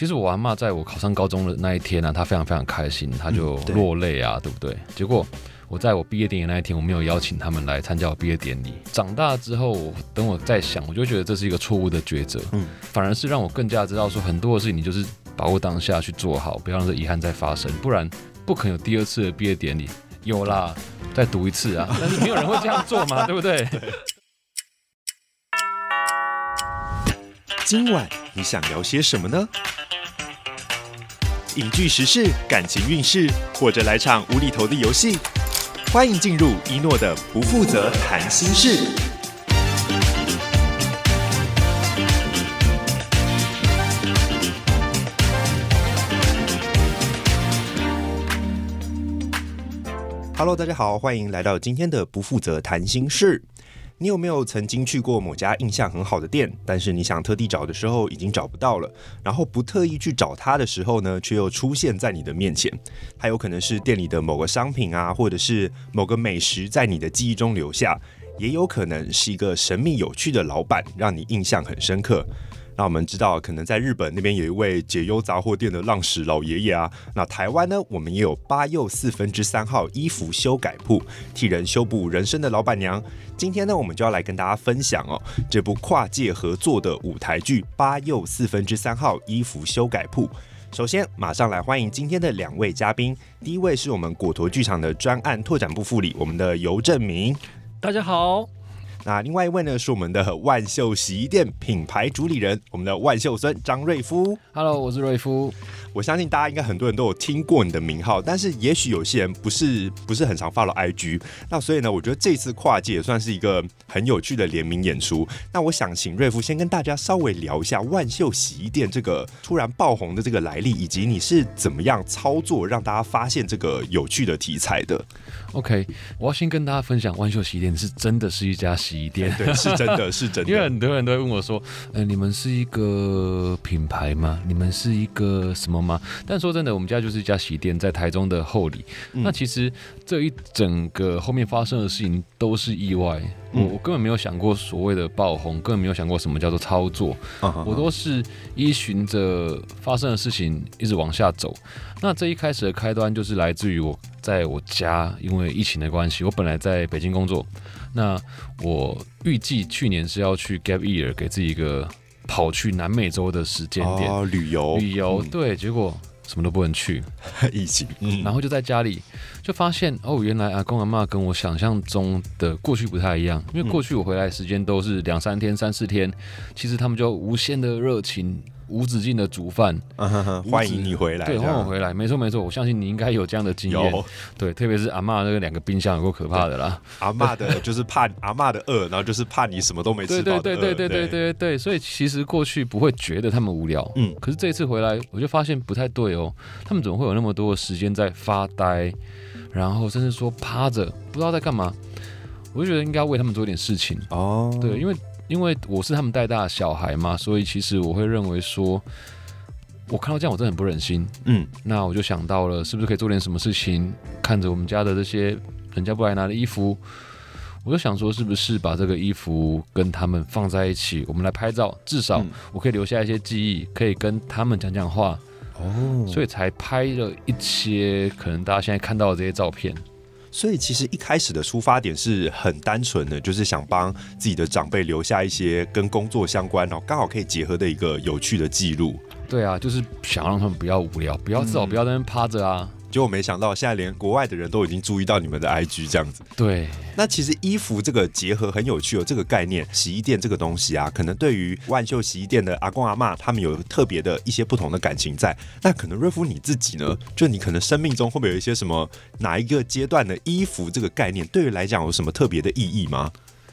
其實我阿嬤在我考上高中的那一天呢、啊，她非常非常開心，她就落淚啊，嗯、對，對不對？結果我在我畢業典禮那一天，我沒有邀請他們來參加我畢業典禮。長大之後，我等我再想，我就覺得這是一個錯誤的抉擇。嗯，反而是讓我更加知道說，很多的事情你就是把握當下去做好，不要讓這遺憾再發生，不然不可能有第二次的畢業典禮。有啦，再讀一次啊，但是沒有人會這樣做嘛， 對不對？對今晚你想聊些什麼呢？影劇時事、感情運勢，或者來場無厘頭的遊戲，歡迎進入一諾的不負責談心事。Hello，大家好，歡迎來到今天的不負責談心事。你有沒有曾經去過某家印象很好的店，但是你想特地找的時候已經找不到了，然後不特意去找它的時候呢，卻又出現在你的面前？還有可能是店裡的某個商品啊，或者是某個美食在你的記憶中留下，也有可能是一個神秘有趣的老板讓你印象很深刻。那我們知道，可能在日本那邊有一位解憂雜貨店的浪矢老爺爺啊。那台灣呢，我們也有八又四分之三號衣服修改鋪，替人修補人生的老闆娘。今天呢，我們就要來跟大家分享哦，這部跨界合作的舞台劇《八又四分之三號衣服修改鋪》。首先，馬上來歡迎今天的兩位嘉賓。第一位是我們果陀劇場的專案拓展部副理，我們的游正民。大家好。那另外一位呢，是我們的萬秀洗衣店品牌主理人，我們的萬秀孫張瑞夫。Hello，我是瑞夫。我相信大家應該很多人都有聽過你的名號，但是也許有些人不是不是很常 follow IG。那所以呢，我覺得這次跨界也算是一個很有趣的聯名演出。那我想請瑞夫先跟大家稍微聊一下萬秀洗衣店這個突然爆紅的這個來歷，以及你是怎麼樣操作讓大家發現這個有趣的題材的？OK，我要先跟大家分享萬秀洗衣店是真的是一家洗衣店。洗衣店，對，對，是真的，是真的。 因為很多人都會問我說：“呃、欸，你們是一個品牌嗎？你們是一個什麼嗎？”但說真的，我們家就是一家洗衣店，在台中的后里。嗯、那其實這一整個後面發生的事情都是意外。我、嗯、我根本沒有想過所謂的爆紅，根本沒有想過什麼叫做操作，啊、呵呵，我都是依循着發生的事情一直往下走。那這一開始的開端就是來自於我在我家，因為疫情的關係，我本來在北京工作，那我預計去年是要去 gap year，給自己一個跑去南美洲的時間點、啊、旅遊旅遊，嗯、對，結果。什麼都不能去， 一起，嗯、然後就在家裡，就發現哦，原來阿公阿嬤跟我想象中的過去不太一樣，因為過去我回來時間都是兩三天、三四天，其實他們就無限的熱情。無止境的煮飯，歡迎你回來。對，歡迎我回來。沒錯，沒錯。我相信你應該有這樣的經驗。有對，特別是阿嬤那個兩個冰箱，有夠可怕的啦！阿嬤的就是怕 阿嬤的餓，然後就是怕你什麼都沒吃。對對對對對對對對。對，所以其實過去不會覺得他們無聊，嗯。可是這一次回來，我就發現不太對哦。他們怎麼會有那麼多的時間在發呆？然後甚至說趴着，不知道在幹嘛。我就覺得應該為他們做點事情哦。對，因為。因為我是他們帶大的小孩嘛，所以其實我會認為說，我看到這樣我真的很不忍心。嗯，那我就想到了，是不是可以做點什麼事情？看着我們家的這些人家不來拿的衣服，我就想說，是不是把這個衣服跟他們放在一起，我們來拍照，至少我可以留下一些記憶，可以跟他們講講話。哦、嗯，所以才拍了一些可能大家現在看到的這些照片。所以其實一開始的出發點是很單純的，就是想幫自己的長輩留下一些跟工作相關，然後剛好可以結合的一個有趣的記錄。對啊，就是想讓他們不要無聊，不要，至少不要在那趴着啊。就我沒想到現在連國外的人都已經注意到你們的 IG 這樣子。對，那其實衣服這個結合很有趣哦，這個概念，洗衣店這個東西啊，可能對於萬秀洗衣店的阿公阿嬤他們有特別的一些不同的感情在。那可能瑞夫你自己呢，就你可能生命中會不會有一些什麼哪一個階段的衣服這個概念，對於來講有什麼特別的意義嗎？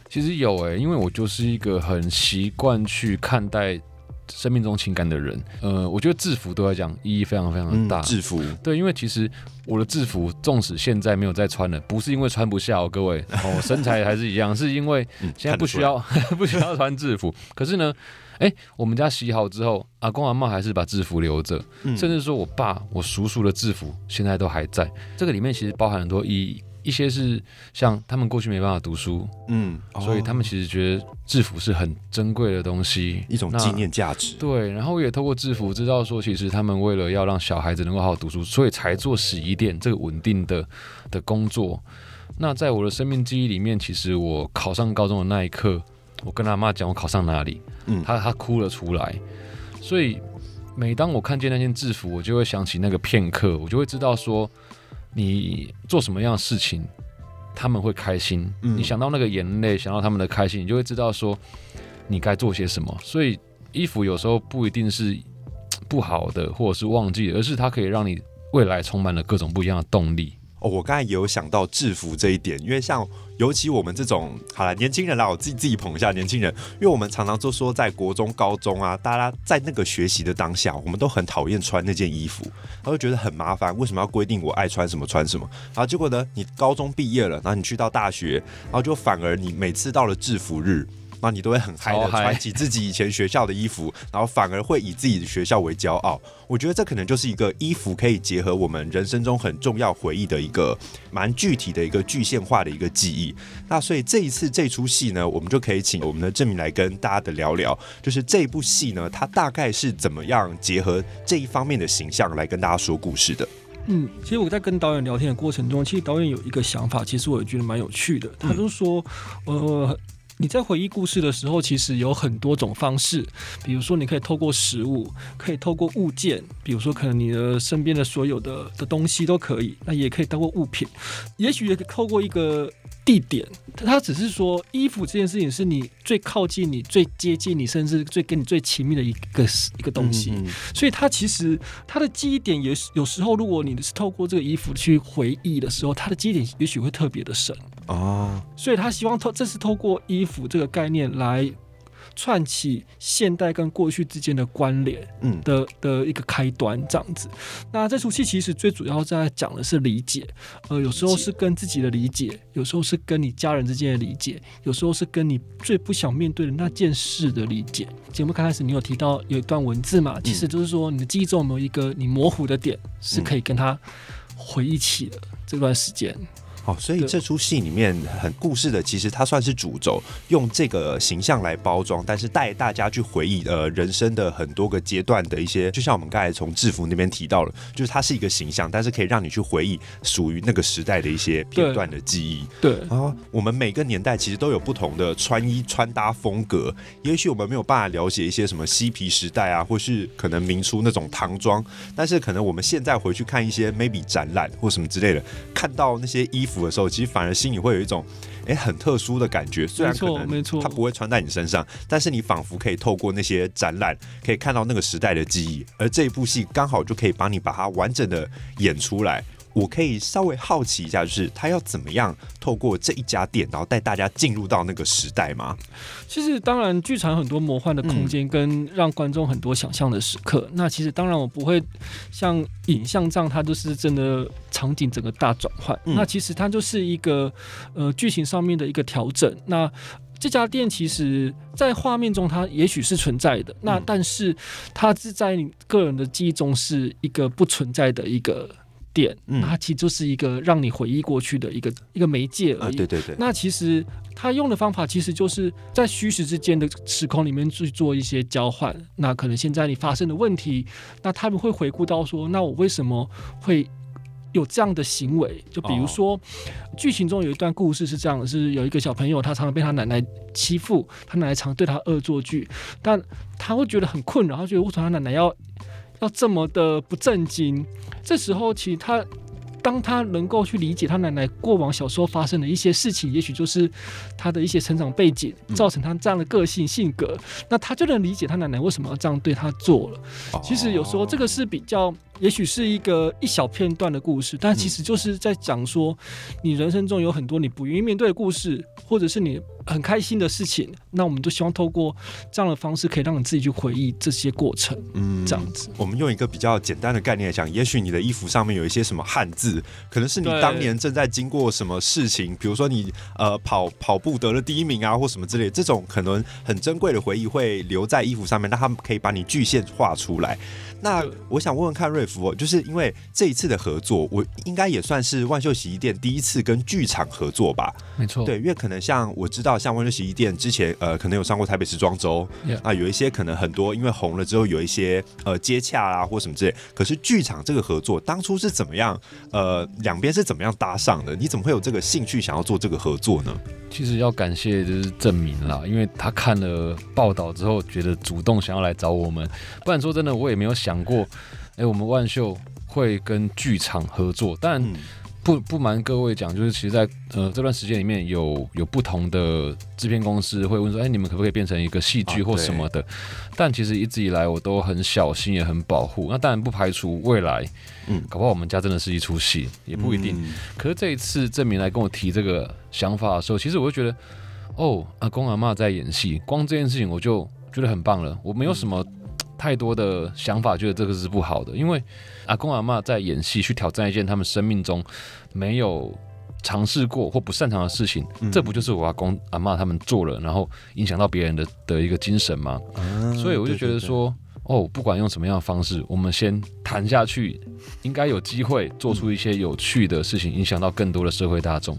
其實有欸，因為我就是一個很習慣去看待。生命中情感的人，呃，我覺得制服都要講意義非常非常的大，嗯。制服對，因為其實我的制服，縱使現在沒有再穿了，不是因為穿不下，哦。各位然後、哦、身材還是一樣， 是因為現在不需要、嗯、 不需要穿制服。 可是呢，誒、欸，我們家洗好之後，阿公阿嬤還是把制服留着，嗯，甚至說我爸我叔叔的制服現在都還在。這個裡面其實包含很多意義。一些是像他們過去沒辦法讀書，嗯，所以他們其實覺得制服是很珍貴的東西，一種紀念價值。對，然後也透過制服知道說，其實他們為了要讓小孩子能夠好好讀書，所以才做洗衣店這個穩定的的工作。那在我的生命記憶裡面，其實我考上高中的那一刻，我跟他媽講我考上哪裡，嗯，他他哭了出來。所以每當我看見那件制服，我就會想起那個片刻，我就會知道說。你做什麼樣的事情，他們會開心。嗯。你想到那個眼淚，想到他們的開心，你就會知道說，你該做些什麼。所以，衣服有時候不一定是不好的，或者是忘記的，而是它可以讓你未來充滿了各種不一樣的動力。哦，我剛才也有想到制服這一點，因為像尤其我們這種好了年輕人啦，我自己自己捧一下年輕人，因為我們常常都說，在國中、高中啊，大家在那個學習的當下，我們都很討厭穿那件衣服，然後覺得很麻煩，為什麼要規定我愛穿什麼穿什麼？然後結果呢，你高中畢業了，然後你去到大學，然後就反而你每次到了制服日，你都會很嗨的穿起自己以前學校的衣服，oh, 然後反而會以自己的學校為驕傲。我覺得這可能就是一個衣服可以結合我們人生中很重要回憶的一個蠻具體的一個具現化的一個記憶。那所以這一次這出戲呢，我們就可以請我們的正民來跟大家的聊聊，就是這部戲呢，它大概是怎麼樣結合這一方面的形象來跟大家說故事的？嗯，其實我在跟導演聊天的過程中，其實導演有一個想法，其實我也覺得蠻有趣的。他就說，嗯、呃。你在回憶故事的時候，其實有很多種方式，比如說你可以透過食物，可以透過物件，比如說可能你的身邊的所有的的東西都可以，那也可以透過物品，也許也可以透過一個地點。它只是說衣服這件事情是你最靠近你、最接近你，甚至最跟你最親密的一個一個東西。嗯嗯，所以它其實它的記憶點也有時候，如果你是透過這個衣服去回憶的時候，它的記憶點也許會特別的深。哦，oh. 所以他希望透，這是透過衣服這個概念來串起現代跟過去之間的關聯，嗯的的一個開端這樣子。那這出戲其實最主要在講的是理解，呃，有時候是跟自己的理解，有時候是跟你家人之間的理解，有時候是跟你最不想面對的那件事的理解。節目剛開始你有提到有一段文字嘛，嗯、其實就是說你的記憶中有沒有一個你模糊的點是可以跟他回憶起的、嗯、這段時間。哦，所以這出戲裡面很故事的，其實它算是主軸，用這個形象來包裝，但是帶大家去回憶呃人生的很多個階段的一些，就像我們剛才從制服那邊提到了，就是它是一個形象，但是可以讓你去回憶屬於那個時代的一些片段的記憶。對啊、然後，我們每個年代其實都有不同的穿衣穿搭風格，也許我們沒有辦法了解一些什麼嬉皮時代啊，或是可能明初那種唐裝，但是可能我們現在回去看一些 maybe 展覽或什麼之類的，看到那些衣服。的時候，其實反而心裡會有一種，哎、欸，很特殊的感覺。雖然可能它不會穿在你身上，但是你仿佛可以透過那些展覽，可以看到那個時代的記憶。而這一部戲剛好就可以幫你把它完整的演出來。我可以稍微好奇一下，就是他要怎麼樣透過這一家店，然後帶大家進入到那個時代嗎？其實當然，劇場有很多魔幻的空間跟讓觀眾很多想象的時刻。嗯、那其實當然，我不會像影像這樣，它就是真的場景整個大轉換。嗯、那其實它就是一個呃劇情上面的一個調整。那這家店其實，在畫面中它也許是存在的，嗯、那但是它是在你個人的記憶中是一個不存在的一個點，它、嗯、其實就是一個讓你回憶過去的一個一個媒介而已。啊、對對對。那其實他用的方法其實就是在虛實之間的時空裡面去做一些交換。那可能現在你發生的問題，那他們會回顧到說，那我為什麼會有這樣的行為？就比如說，劇、哦、情中有一段故事是這樣：是有一個小朋友，他常常被他奶奶欺負，他奶奶常對他惡作劇，但他會覺得很困擾，他覺得為什麼他奶奶要？要這麼的不正經，這時候其實他，當他能夠去理解他奶奶過往小時候發生的一些事情，也許就是他的一些成長背景造成他這樣的個性性格，嗯、那他就能理解他奶奶為什麼要這樣對他做了。其實有時候這個是比較。也許是一個一小片段的故事，但其實就是在講說，你人生中有很多你不願意面對的故事，或者是你很開心的事情。那我們都希望透過這樣的方式，可以讓你自己去回憶這些過程，嗯，這樣子、嗯。我們用一個比較簡單的概念來講，也許你的衣服上面有一些什麼漢字，可能是你當年正在經過什麼事情，對 比如說你呃跑跑步得了第一名啊，或什麼之類，這種可能很珍貴的回憶會留在衣服上面，那他們可以把你具現化出來。那對 我想問問看瑞。就是因為這一次的合作，我應該也算是萬秀洗衣店第一次跟劇場合作吧。沒錯錯，對，因為可能像我知道，像萬秀洗衣店之前，呃，可能有上過台北時裝週，啊 Yeah.、呃，有一些可能很多，因為紅了之後有一些呃接洽啊，或什麼之類。可是劇場這個合作當初是怎麼樣？呃，兩邊是怎麼樣搭上的？你怎麼會有這個興趣想要做這個合作呢？其實要感謝就是正民啦，因為他看了報道之後，覺得主動想要來找我們。不然說真的，我也沒有想過。哎、欸，我們萬秀會跟劇場合作，但不不瞞各位講，就是其實在，在呃這段時間裡面有，有有不同的制片公司會問說，哎、欸，你們可不可以變成一個戲劇或什麼的？啊、但其實一直以來我都很小心，也很保護。那當然不排除未來，嗯，搞不好我們家真的是一出戲，也不一定。嗯、可是這一次正民來跟我提這個想法的時候，其實我就覺得，哦，阿公阿嬤在演戲，光這件事情我就覺得很棒了。我沒有什麼、嗯。太多的想法，覺得這個是不好的，因為阿公阿嬤在演戲，去挑戰一件他們生命中沒有嘗試過或不擅長的事情，嗯、這不就是我阿公阿嬤他們做了，然後影響到別人的的一個精神嗎？啊、所以我就覺得說，對對對哦，不管用什麼樣的方式，我們先談下去，應該有機會做出一些有趣的事情，嗯、影響到更多的社會大眾。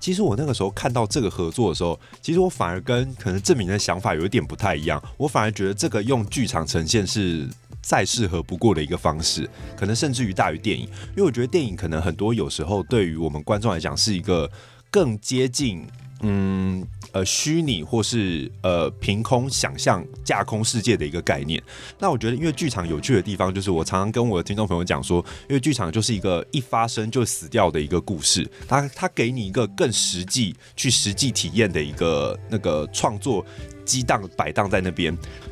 其實我那個時候看到這個合作的時候，其實我反而跟可能正民的想法有一點不太一樣。我反而覺得這個用劇場呈現是再適合不過的一個方式，可能甚至於大於電影，因為我覺得電影可能很多有時候對於我們觀眾來講是一個更接近。嗯，呃，虛擬或是呃憑空想象架空世界的一個概念。那我覺得，因為劇場有趣的地方，就是我常常跟我的聽眾朋友講說，因為劇場就是一個一發生就死掉的一個故事，它它給你一個更實際去實際體驗的一個那個創作。激盪擺盪在那邊，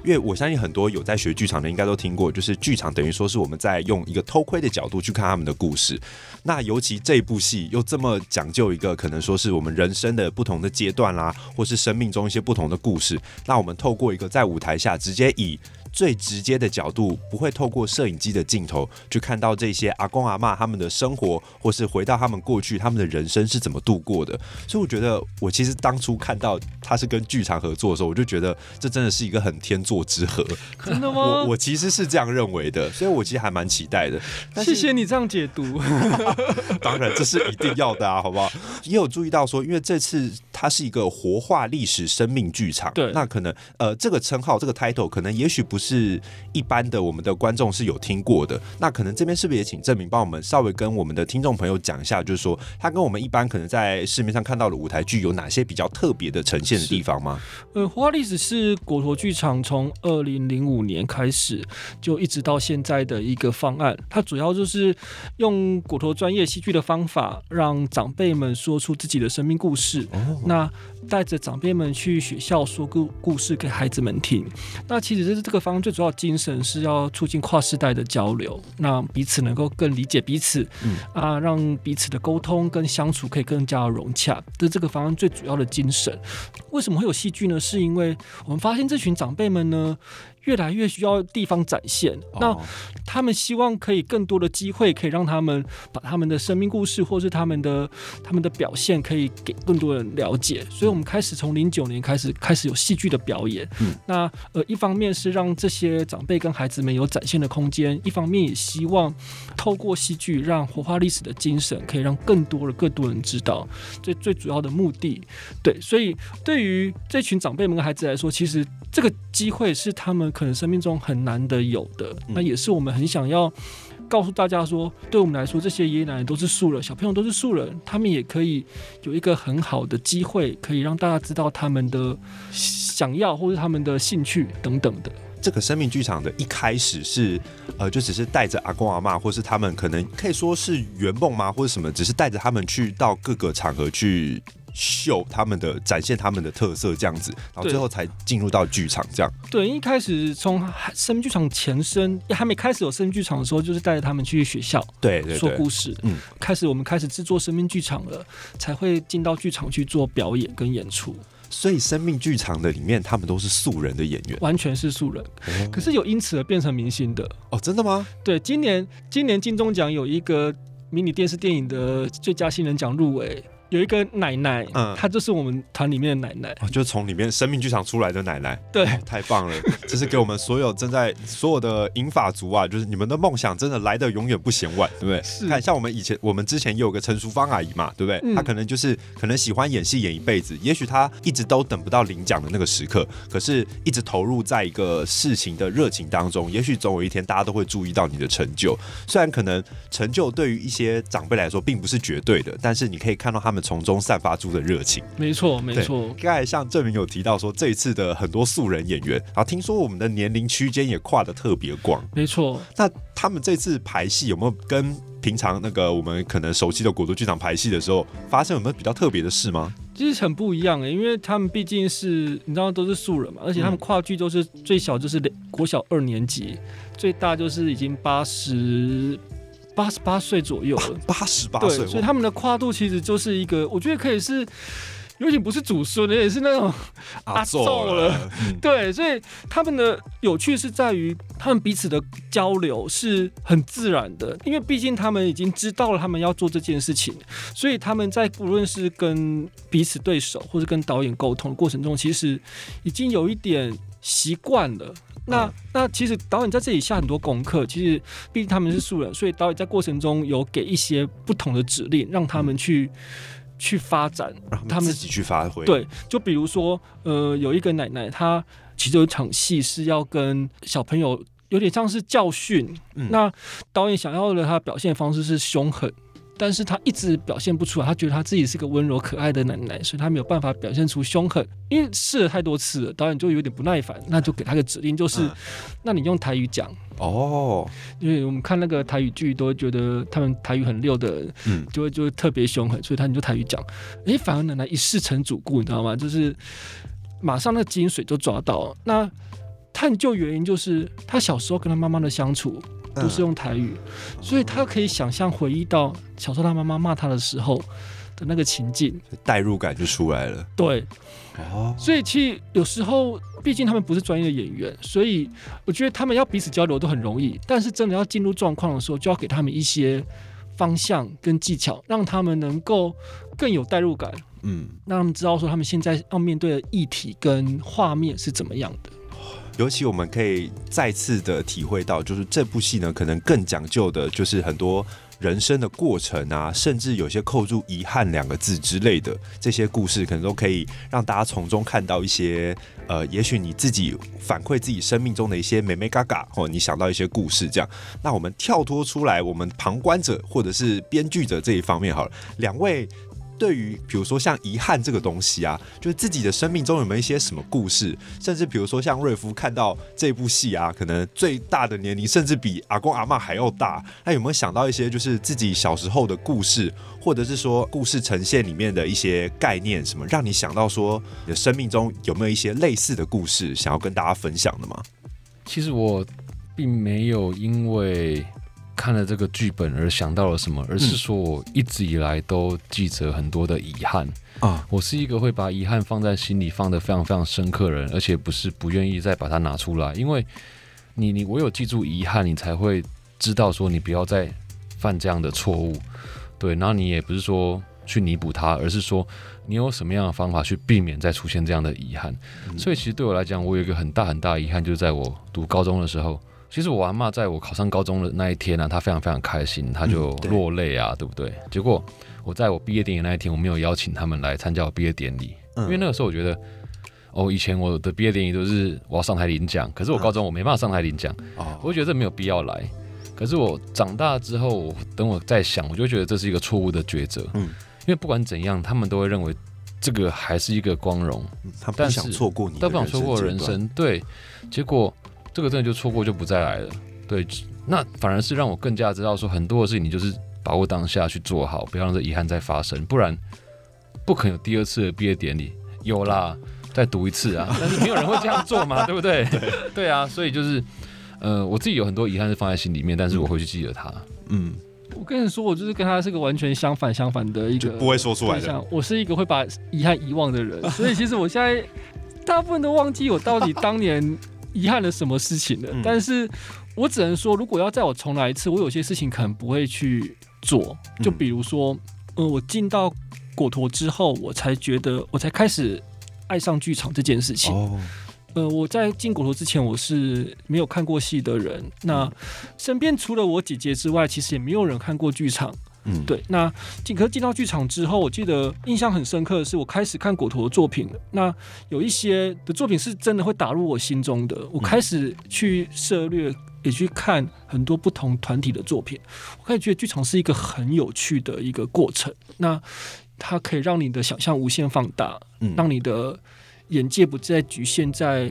因為我相信很多有在學劇場的應該都聽過，就是劇場等於說是我們在用一個偷窺的角度去看他們的故事。那尤其這部戲又這麼講究一個，可能說是我們人生的不同的階段啦、啊，或是生命中一些不同的故事。那我們透過一個在舞台下，直接以。最直接的角度不會透過攝影機的鏡頭去看到這些阿公阿嬤他們的生活，或是回到他們過去他們的人生是怎麼度過的。所以我覺得，我其實當初看到他是跟劇場合作的時候，我就覺得這真的是一個很天作之合。真的嗎？我我其實是這樣認為的，所以我其實還蠻期待的。是謝謝你這樣解讀， 當然這是一定要的啊，好不好？也有注意到說，因為這次。它是一個活化歷史生命劇場。對，那可能呃，這個稱號，這個 title 可能也許不是一般的我們的觀眾是有聽過的。那可能這邊是不是也請正民幫我們稍微跟我們的聽眾朋友講一下，就是說它跟我們一般可能在市面上看到的舞台劇有哪些比較特別的呈現的地方嗎？呃，活化歷史是果陀劇場從二零零五年開始就一直到現在的一個方案。它主要就是用果陀專業戲劇的方法，讓長輩們說出自己的生命故事。哦那帶着長輩們去學校說故故事給孩子們聽，那其實這是這個方案最主要的精神，是要促進跨世代的交流，讓彼此能夠更理解彼此，嗯、啊，讓彼此的溝通跟相處可以更加融洽，這是這個方案最主要的精神。為什麼會有戲劇呢？是因為我們發現這群長輩們呢，越來越需要地方展現，哦、那他們希望可以更多的機會，可以讓他們把他們的生命故事，或是他們的他們的表現，可以給更多人了解。所以，我們開始從零九年開始，開始有戲劇的表演。嗯，那呃，一方面是讓這些長輩跟孩子們有展現的空間，一方面也希望透過戲劇，讓活化歷史的精神，可以讓更多的更多人知道最，最最主要的目的，對，所以對於這群長輩們跟孩子來說，其實這個機會是他們可能生命中很難得有的，那也是我們很想要告訴大家說，對我們來說，這些爺爺奶奶都是素人，小朋友都是素人，他們也可以有一個很好的機會，可以讓大家知道他們的想要或是他們的興趣等等的。這個生命劇場的一開始是，呃，就只是帶着阿公阿嬤，或是他們可能可以說是圓夢嗎，或者什麼，只是帶着他們去到各個場合去，秀他們的展現他們的特色這樣子，然後最後才進入到劇場這樣，對。對，一開始從生命劇場前身還沒開始有生命劇場的時候，就是帶着他們去學校，對、對、對，說故事。嗯，開始我們開始制作生命劇場了，才會進到劇場去做表演跟演出。所以生命劇場的裡面，他們都是素人的演員，完全是素人。哦、可是有因此而變成明星的哦，真的嗎？對，今年今年金鐘獎有一個迷你電視電影的最佳新人獎入圍。有一個奶奶，嗯，她就是我們團裡面的奶奶，就是從裡面生命劇場出來的奶奶，對，太棒了！ 這是給我們所有正在所有的銀髮族啊，就是你們的夢想真的來得永遠不嫌晚，對不對？看是像我們以前，我們之前也有個陳淑芳阿姨嘛，對不對？嗯、她可能就是可能喜歡演戲演一輩子，也許她一直都等不到領獎的那個時刻，可是一直投入在一個事情的熱情當中，也許總有一天大家都會注意到你的成就。雖然可能成就對於一些長輩來說並不是絕對的，但是你可以看到他們。從中散發出的熱情沒，沒錯沒錯。剛才像正民有提到說，這一次的很多素人演員，然後聽說我們的年齡區間也跨得特別廣，沒錯錯。那他們這次排戲有沒有跟平常那個我們可能熟悉的果陀劇場排戲的時候發生有沒有比較特別的事嗎？其實很不一樣誒、欸，因為他們畢竟是你知道都是素人嘛，而且他們跨劇都、就是、嗯、最小就是國小二年級，最大就是已經八十八十八歲左右，八十八歲，所以他們的跨度其實就是一個，我覺得可以是，有點不是祖孫、欸，也是那種阿祖、啊、了。啊、了 對，所以他們的有趣是在於他們彼此的交流是很自然的，因為畢竟他們已經知道了他們要做這件事情，所以他們在不論是跟彼此對手或者跟導演溝通的過程中，其實已經有一點習慣了。那那其實導演在這裡下很多功課，其實畢竟他們是素人，所以導演在過程中有給一些不同的指令，讓他們去、嗯、去發展，讓他們自己去發揮。對，就比如說，呃，有一個奶奶，她其中有一場戲是要跟小朋友有點像是教訓，嗯、那導演想要的她表現方式是凶狠。但是他一直表現不出來，他覺得他自己是個溫柔可愛的奶奶，所以他沒有辦法表現出兇狠，因為試了太多次了，導演就有點不耐煩，那就給他個指令，就是，嗯、那你用台語講哦，因為我們看那個台語劇，都會覺得他們台語很溜的，嗯，就會就會特別兇狠，所以他就台語講，哎，反而奶奶一試成主顧，你知道嗎？就是馬上那個精髓就抓到，那探究原因就是他小時候跟他媽媽的相處。都是用台語，所以他可以想象回憶到小時候他媽媽罵他的時候的那個情境，代入感就出來了。對，哦，所以其實有時候，畢竟他們不是專業的演員，所以我覺得他們要彼此交流都很容易。但是真的要進入狀況的時候，就要給他們一些方向跟技巧，讓他們能夠更有代入感。嗯，讓他們知道說他們現在要面對的議題跟畫面是怎麼樣的。尤其我們可以再次的體會到，就是這部戲呢，可能更講究的就是很多人生的過程啊，甚至有些扣住遺憾兩個字之類的這些故事，可能都可以讓大家從中看到一些呃，也許你自己反饋自己生命中的一些眉眉角角，或你想到一些故事這樣。那我們跳脫出來，我們旁觀者或者是編劇者這一方面好了，兩位，對於比如說像遺憾這個東西啊，就是自己的生命中有沒有一些什麼故事，甚至比如說像瑞夫看到這部戲啊，可能最大的年齡甚至比阿公阿嬤還要大，那有沒有想到一些就是自己小時候的故事，或者是說故事呈現裡面的一些概念，什麼讓你想到說你的生命中有沒有一些類似的故事想要跟大家分享的嗎？其實我並沒有因為，看了這個劇本而想到了什麼，而是說我一直以來都記着很多的遺憾啊。我是一個會把遺憾放在心裡放得非常非常深刻的人，而且不是不願意再把它拿出來，因為你你唯有記住遺憾，你才會知道說你不要再犯這樣的錯誤。對，然後你也不是說去彌補它，而是說你有什麼樣的方法去避免再出現這樣的遺憾。所以其實對我來講，我有一個很大很大遺憾，就是在我讀高中的時候。其實我阿嬤在我考上高中的那一天呢、啊，她非常非常開心，她就落淚啊，嗯、對，對不對？結果我在我畢業典禮那一天，我沒有邀請他們來參加我畢業典禮，嗯、因為那個時候我覺得，哦，以前我的畢業典禮都是我要上台領獎，可是我高中我沒辦法上台領獎，啊、我就覺得這沒有必要來。哦、可是我長大之後，我等我再想，我就覺得這是一個錯誤的抉擇，嗯，因為不管怎樣，他們都會認為這個還是一個光榮，嗯、他們想錯過你的，但不想錯過人生，段對，結果。這個真的就錯過就不再來了，對，那反而是讓我更加知道說很多的事情，你就是把握當下去做好，不要讓這遺憾再發生，不然不可能有第二次的畢業典禮。有啦，再讀一次啊，但是沒有人會這樣做嘛， 對不對？對，對啊，所以就是呃，我自己有很多遺憾是放在心裡面，但是我會去記得它。嗯，嗯，我跟你說，我就是跟他是個完全相反相反的一個，不會說出來的。我是一個會把遺憾遺忘的人，所以其實我現在大部分都忘記我到底當年。 遺憾了什麼事情呢？嗯、但是我只能說，如果要再我重來一次，我有些事情可能不會去做，就比如說，嗯、呃，我進到果陀之後，我才覺得，我才開始愛上劇場這件事情。哦、呃，我在進果陀之前，我是沒有看過戲的人，那身邊除了我姐姐之外，其實也沒有人看過劇場。嗯、對。那進可是進到劇場之後，我記得印象很深刻的是，我開始看果陀的作品。那有一些的作品是真的會打入我心中的。我開始去涉獵，嗯、也去看很多不同團體的作品。我開始覺得劇場是一個很有趣的一個過程。那它可以讓你的想象無限放大，嗯、讓你的眼界不再局限在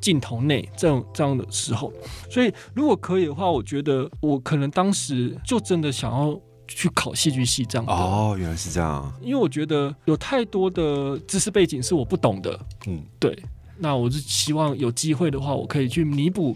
鏡頭內。這樣這樣的時候，所以如果可以的話，我覺得我可能當時就真的想要。去考戲劇系這樣哦，原來是這樣啊。因為我覺得有太多的知識背景是我不懂的，嗯，對。那我是希望有機會的話，我可以去彌補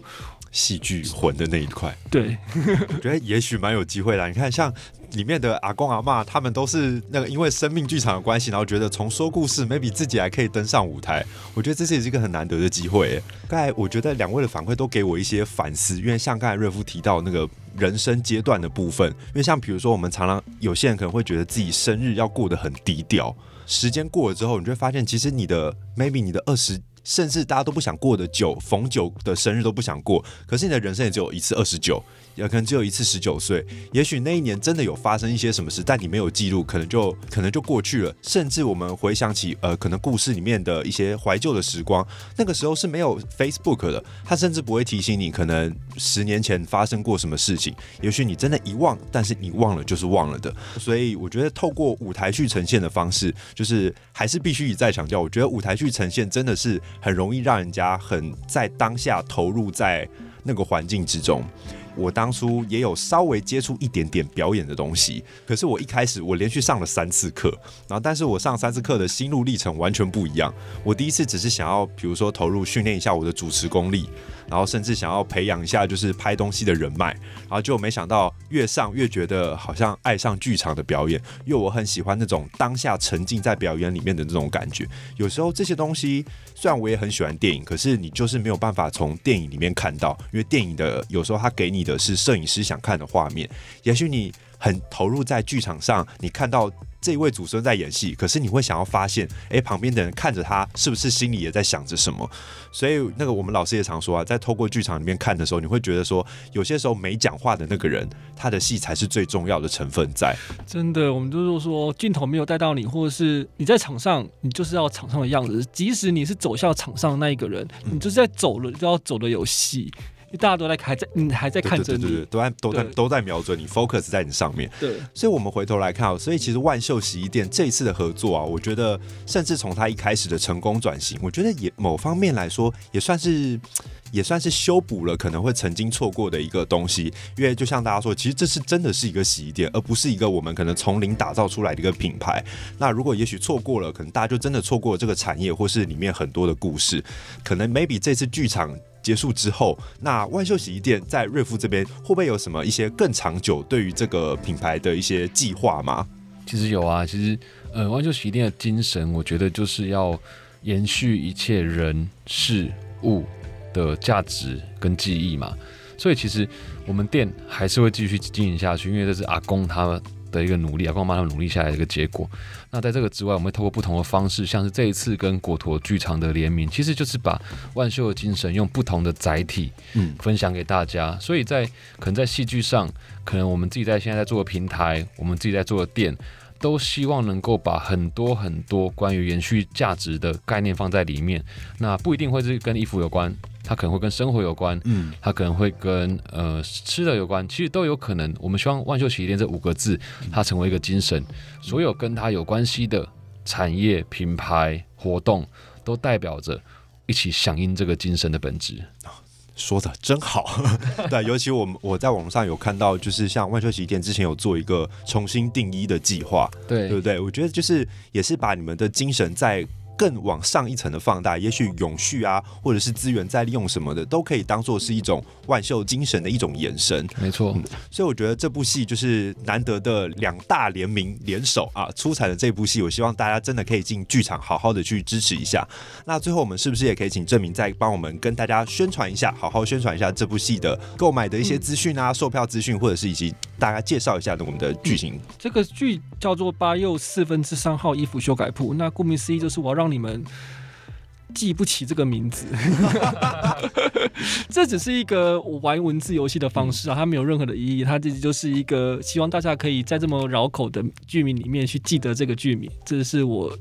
戲劇魂的那一塊。對， 我覺得也許蠻有機會的。你看，像。裡面的阿公阿嬤，他們都是那個因為生命劇場的關係，然後覺得從說故事，maybe 自己還可以登上舞台。我覺得這是也是一個很難得的機會。誒，剛才我覺得兩位的反饋都給我一些反思，因為像剛才瑞夫提到那個人生階段的部分，因為像比如說我們常常有些人可能會覺得自己生日要過得很低調，時間過了之後，你就會發現其實你的 maybe 你的二十，甚至大家都不想過的九逢九的生日都不想過，可是你的人生也只有一次二十九。也可能只有一次，十九歲，也許那一年真的有發生一些什麼事，但你沒有記錄，可能就可能就過去了。甚至我們回想起，呃，可能故事裡面的一些懷舊的時光，那個時候是沒有 Facebook 的，它甚至不會提醒你，可能十年前發生過什麼事情。也許你真的遺忘，但是你忘了就是忘了的。所以我覺得，透過舞台去呈現的方式，就是還是必須一再強調，我覺得舞台去呈現真的是很容易讓人家很在當下投入在那個環境之中。我當初也有稍微接觸一點點表演的東西，可是我一開始我連續上了三次課，然後但是我上三次課的心路歷程完全不一樣。我第一次只是想要，比如說投入訓練一下我的主持功力，然後甚至想要培養一下就是拍東西的人脈，然後就沒想到越上越覺得好像愛上劇場的表演，因為我很喜歡那種當下沉浸在表演裡面的那種感覺。有時候這些東西雖然我也很喜歡電影，可是你就是沒有辦法從電影裡面看到，因為電影的有時候它給你。的是攝影師想看的畫面。也許你很投入在劇場上，你看到這一位祖孫在演戲，可是你會想要發現，哎、欸，旁邊的人看着他，是不是心裡也在想着什麼？所以，那個我們老師也常說啊，在透過劇場裡面看的時候，你會覺得說，有些時候沒講話的那個人，他的戲才是最重要的成分在。真的，我們就是說，鏡頭沒有帶到你，或者是你在場上，你就是要場上的樣子。即使你是走下場上的那一個人，嗯、你就是在走了就要走的有戲。大家都在看還在你，嗯、還在看真。對，對對對，都在對，都在，都在瞄準你，focus 在你上面。對，所以，我們回頭來看啊，喔，所以其實萬秀洗衣店這一次的合作啊，我覺得，甚至從他一開始的成功轉型，我覺得也某方面來說也，也算是也算是修補了可能會曾經錯過的一個東西。因為就像大家說，其實這是真的是一個洗衣店，而不是一個我們可能從零打造出來的一個品牌。那如果也許錯過了，可能大家就真的錯過了這個產業，或是裡面很多的故事。可能 maybe 這次劇場。結束之後，那萬秀洗衣店在瑞夫這邊會不會有什麼一些更長久對於這個品牌的一些計劃嗎？其實有啊，其實呃，萬秀洗衣店的精神，我覺得就是要延續一切人事物的價值跟記憶嘛。所以其實我們店還是會繼續經營下去，因為這是阿公他們。的一個努力啊，後靠他們努力下來的一個結果。那在這個之外，我們會透過不同的方式，像是這一次跟果陀劇場的聯名，其實就是把萬秀的精神用不同的載體，嗯，分享給大家。嗯、所以在可能在戲劇上，可能我們自己在現在在做的平台，我們自己在做的店。都希望能夠把很多很多關於延續價值的概念放在裡面，那不一定會是跟衣服有關，它可能會跟生活有關，嗯，它可能會跟呃吃的有關，其實都有可能。我們希望“萬秀洗衣店”這五個字，它成為一個精神，所有跟它有關係的產業、品牌、活動，都代表着一起響應這個精神的本質。說的真好， 對，尤其我們我在網上有看到，就是像萬秀洗衣店之前有做一個重新定義的計劃，對，對不對？我覺得就是也是把你們的精神在，更往上一層的放大，也許永續啊，或者是資源再利用什麼的，都可以當做是一種萬秀精神的一種延伸。沒錯錯、嗯，所以我覺得這部戲就是難得的兩大聯名聯手啊，出彩的這部戲，我希望大家真的可以進劇場，好好的去支持一下。那最後我們是不是也可以請正民再幫我們跟大家宣傳一下，好好宣傳一下這部戲的購買的一些資訊啊，嗯、售票資訊，或者是以及大家介紹一下的我們的劇情。嗯嗯、這個劇叫做《八又四分之三號衣服修改鋪》，那顧名思義就是我要讓讓你們記不起這個名字。 這只是一個玩文字遊戲的方式啊，它沒有任何的意義，它這就是一個希望大家可以在這麼繞口的劇名裡面去記得這個劇名，這是我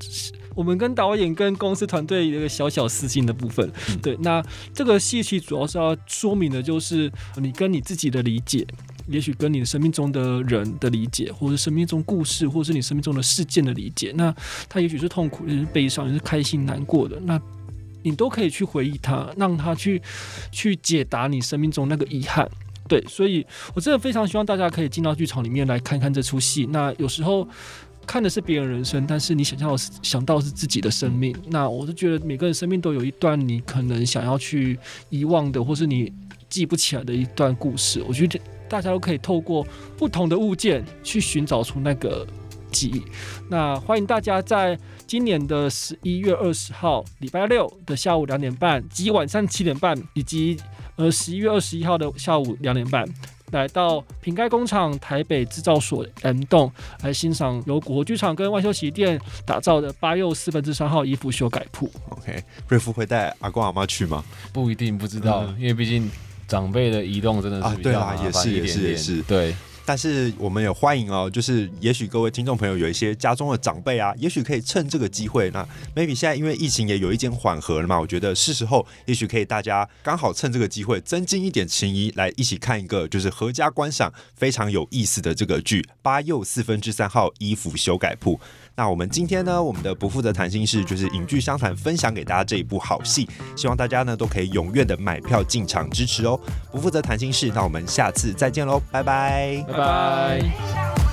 我們跟導演跟公司團隊一個小小私心的部分。嗯、對，那這個戲劇主要是要說明的就是你跟你自己的理解。也許跟你的生命中的人的理解，或是生命中故事，或是你生命中的事件的理解，那他也許是痛苦，也是悲傷，也是開心難過的，那你都可以去回憶他，讓他去去解答你生命中那個遺憾。對，所以我真的非常希望大家可以進到劇場裡面來看看這齣戲。那有時候看的是別人人生，但是你想象想到是自己的生命。那我是覺得每個人生命都有一段你可能想要去遺忘的，或是你記不起來的一段故事。我覺得。大家都可以透過不同的物件去尋找出那個記憶。那歡迎大家在今年的十一月二十號禮拜六的下午兩點半及晚上七點半，以及呃十一月二十一號的下午兩點半，來到瓶蓋工廠台北制造所的 M 棟，來欣賞由果陀劇場跟萬秀洗衣店打造的八又四分之三號衣服修改鋪。OK，瑞夫會帶阿公阿媽去嗎？不一定，不知道，嗯、因為畢竟。長輩的移動真的是啊，對啊、啊，也是也是也是對。但是我們也歡迎哦，就是也許各位聽眾朋友有一些家中的長輩啊，也許可以趁這個機會，那 maybe 現在因為疫情也有一點緩和了嘛，我覺得是時候，也許可以大家剛好趁這個機會增進一點情誼，來一起看一個就是合家觀賞非常有意思的這個劇《八又四分之三號衣服修改鋪》。那我們今天呢，我們的不負責談心事就是影劇相談，分享給大家這一部好戲，希望大家呢都可以踴躍的買票進場支持哦。不負責談心事，那我們下次再見嘍，拜拜，拜拜。